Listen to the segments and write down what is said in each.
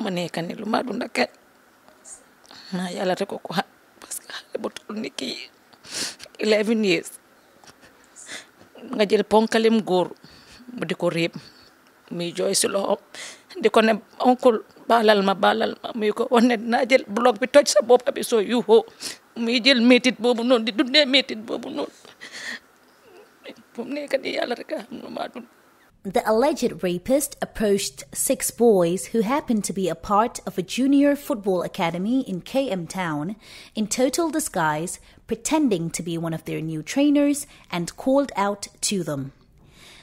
ma nekka ni lu ma dunda kay ma yàlla rek ko quoi parce que xale bu toll ni kii eleven years nga jël ponkalem góor mu di ko réeb muy jooy si loxoom di ko ne oncle baalal ma balal ma muy ko wax ne dinaa jël bloc bi toj sa bopp bi soo mu muy jël métit boobu noonu di dundee métit boobu noonu bu mu nekk ni yàlla rek a xam lu ma The alleged rapist approached six boys who happened to be a part of a junior football academy in KM Town in total disguise, pretending to be one of their new trainers, and called out to them.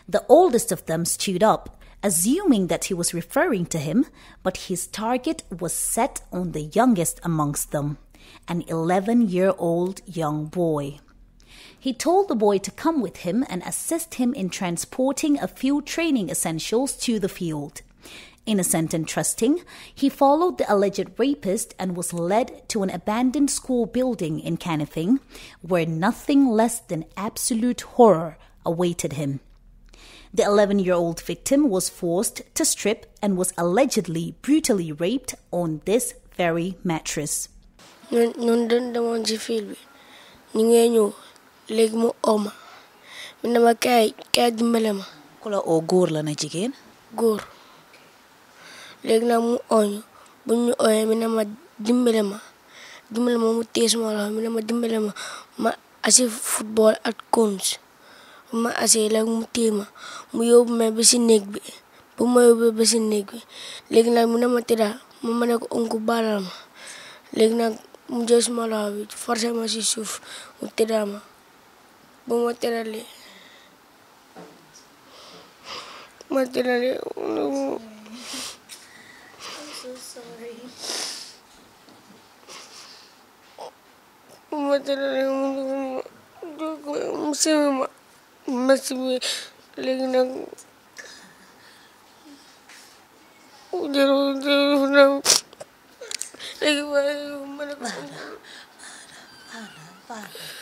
The oldest of them stood up, assuming that he was referring to him, but his target was set on the youngest amongst them, an 11 year old young boy. He told the boy to come with him and assist him in transporting a few training essentials to the field. Innocent and trusting, he followed the alleged rapist and was led to an abandoned school building in Canifing, where nothing less than absolute horror awaited him. The 11 year old victim was forced to strip and was allegedly brutally raped on this very mattress. Leg mo oma. Min maay ke dimbalama. Kolla o go la na tjeken. Go. Le na mu on bu omina ma dimbeema. Dilama mu tees mala mina ma dimbeema ma as se futtbol at kons ma ase lagu mu tema mu yo ma be sinekbe, Pu mo yo be pae nèwi. Le la muna ma ma mana onku balalama. Le na mujos malabi, forse ma si suuf mu tiraama. Vou manter ali. Manter ali. I'm so sorry. Vou manter ali. Você me mas me liga na Udah, udah, udah. Lagi, udah, udah, udah. Parah, parah, parah.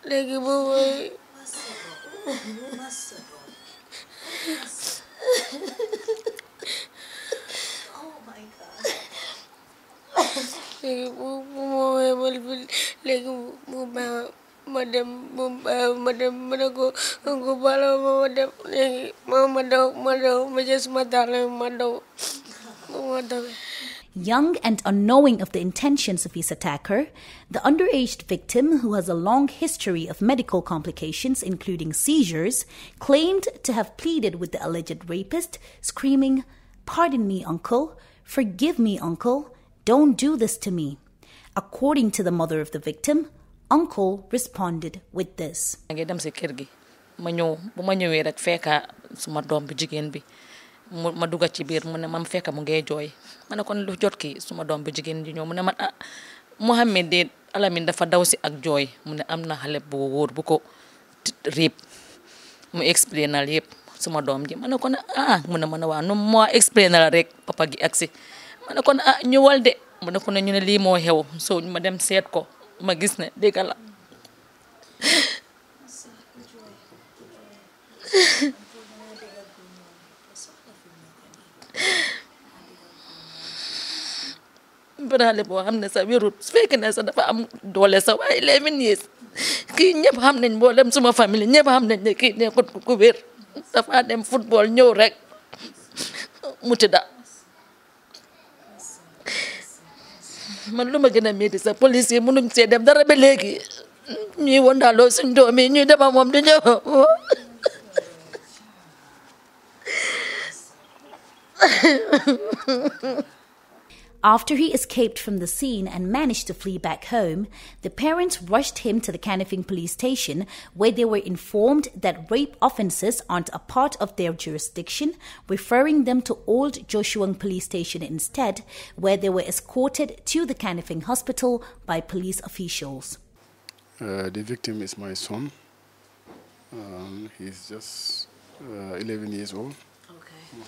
Lagi bawah. Lagi bawah. Lagi bawah. Lagi bawah. Madam bawah. Madam bawah. Aku bawah. Madam bawah. Madam bawah. Madam bawah. Madam bawah. Madam bawah. Madam bawah. Madam bawah. Young and unknowing of the intentions of his attacker, the underage victim, who has a long history of medical complications, including seizures, claimed to have pleaded with the alleged rapist, screaming, Pardon me, uncle, forgive me, uncle, don't do this to me. According to the mother of the victim, uncle responded with this. ma duga ci biir mu ne ma fekk mu ngay jooy ma kon lu jot ki suma dom bi jigéen ji ñëw mu ne man ah Mohamed de alamin dafa daw si ak joy. mu ne am na xale bu wóor bu ko riib mu expliquer naa yëpp suma doom ji ma ne kon ah mu ne ma ne nu mu ma expliquer naa rek papa gi ak si ma ne kon ah ñëwal de mu ne ko ñu ne lii moo xew so ma dem seet ko ma gis ne dégg xale boo xam ne sa wérut su fekkee ne sa dafa am doole sa waaye eleven years kii ñëpp xam nañ mboolem suma famille ñëpp xam nañ ne kii nekkut ku wér dafa dem football ñëw rek mu tëdda man lu ma gën a métti sa police yi mënuñ see dem dara ba léegi ñuy wandaaloo suñ doom yi ñuy dema moom di ñëw After he escaped from the scene and managed to flee back home, the parents rushed him to the Canifing police station where they were informed that rape offences aren't a part of their jurisdiction, referring them to Old Joshuang police station instead, where they were escorted to the Canifing hospital by police officials. Uh, the victim is my son. Um, he's just uh, 11 years old. Okay.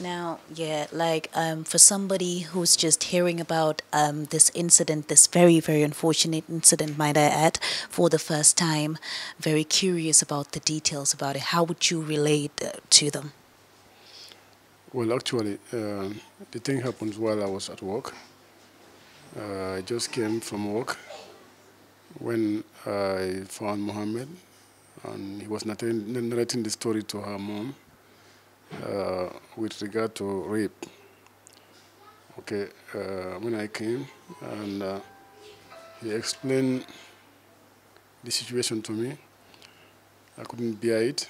Now, yeah, like um, for somebody who's just hearing about um, this incident, this very, very unfortunate incident, might I add, for the first time, very curious about the details about it, how would you relate uh, to them? Well, actually, uh, the thing happened while I was at work. Uh, I just came from work when I found Mohammed, and he was narrating, narrating the story to her mom uh, with regard to rape. Okay, uh, when I came and uh, he explained the situation to me, I couldn't bear it.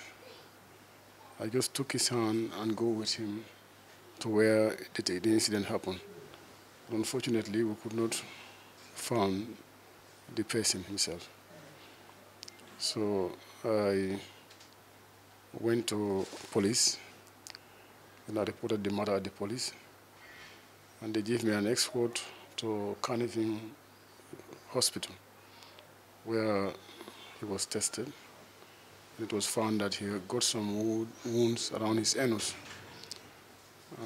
I just took his hand and go with him to where the, the incident happened. But unfortunately, we could not find the person himself. So I went to police and I reported the matter at the police. And they gave me an escort to Carnivine Hospital, where he was tested. It was found that he got some wounds around his anus,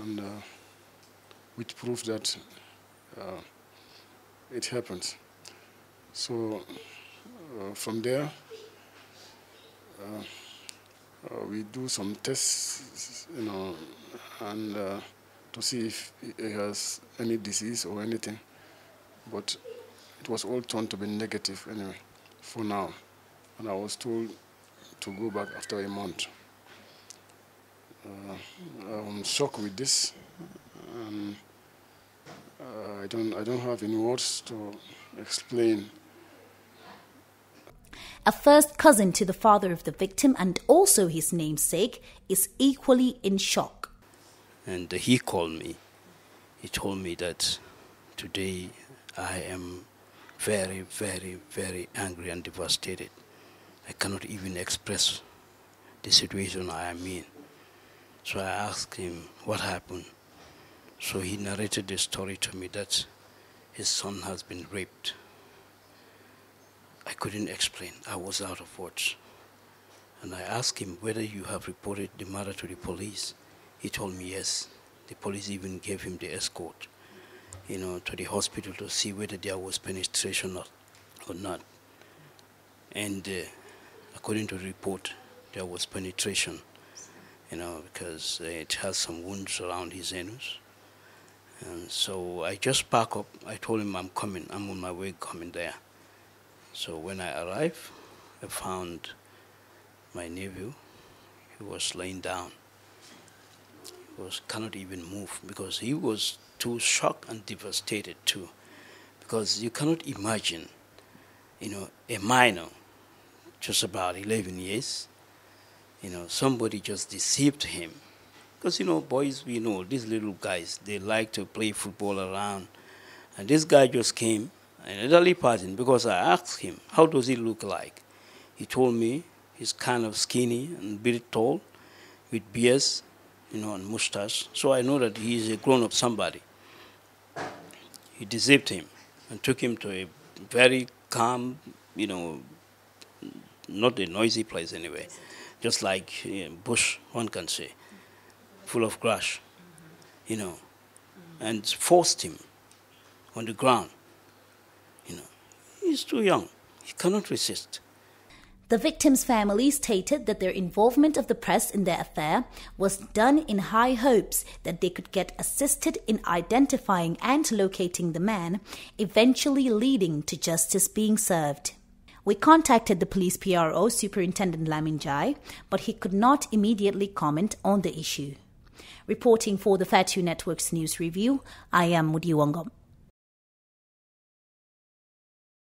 and uh, which proved that uh, it happened. So uh, from there, uh, uh, we do some tests, you know, and uh, to see if he has any disease or anything. But it was all turned to be negative anyway, for now. And I was told to go back after a month. Uh, I'm shocked with this. Um, uh, I don't, I don't have any words to explain a first cousin to the father of the victim and also his namesake, is equally in shock. And he called me. He told me that today I am very, very, very angry and devastated. I cannot even express the situation I am in. So I asked him what happened. So he narrated the story to me that his son has been raped I couldn't explain. I was out of words. And I asked him whether you have reported the matter to the police. He told me yes. The police even gave him the escort, you know, to the hospital to see whether there was penetration or, or not. And uh, according to the report, there was penetration, you know, because it has some wounds around his anus. And so I just packed up. I told him I'm coming. I'm on my way coming there. So when I arrived, I found my nephew. He was laying down. He was cannot even move because he was too shocked and devastated too. Because you cannot imagine, you know, a minor, just about 11 years, you know, somebody just deceived him. Because, you know, boys, we know, these little guys, they like to play football around. And this guy just came an elderly person, because I asked him, how does he look like? He told me he's kind of skinny and very tall with beards, you know, and mustache. So I know that he is a grown-up somebody. He deceived him and took him to a very calm, you know, not a noisy place anyway, just like you know, bush, one can say, full of grass, you know, and forced him on the ground. You know, he's too young. He cannot resist. The victim's family stated that their involvement of the press in their affair was done in high hopes that they could get assisted in identifying and locating the man, eventually leading to justice being served. We contacted the police PRO Superintendent Laminjai, but he could not immediately comment on the issue. Reporting for the Fatu Network's News Review, I am Mudiwongom.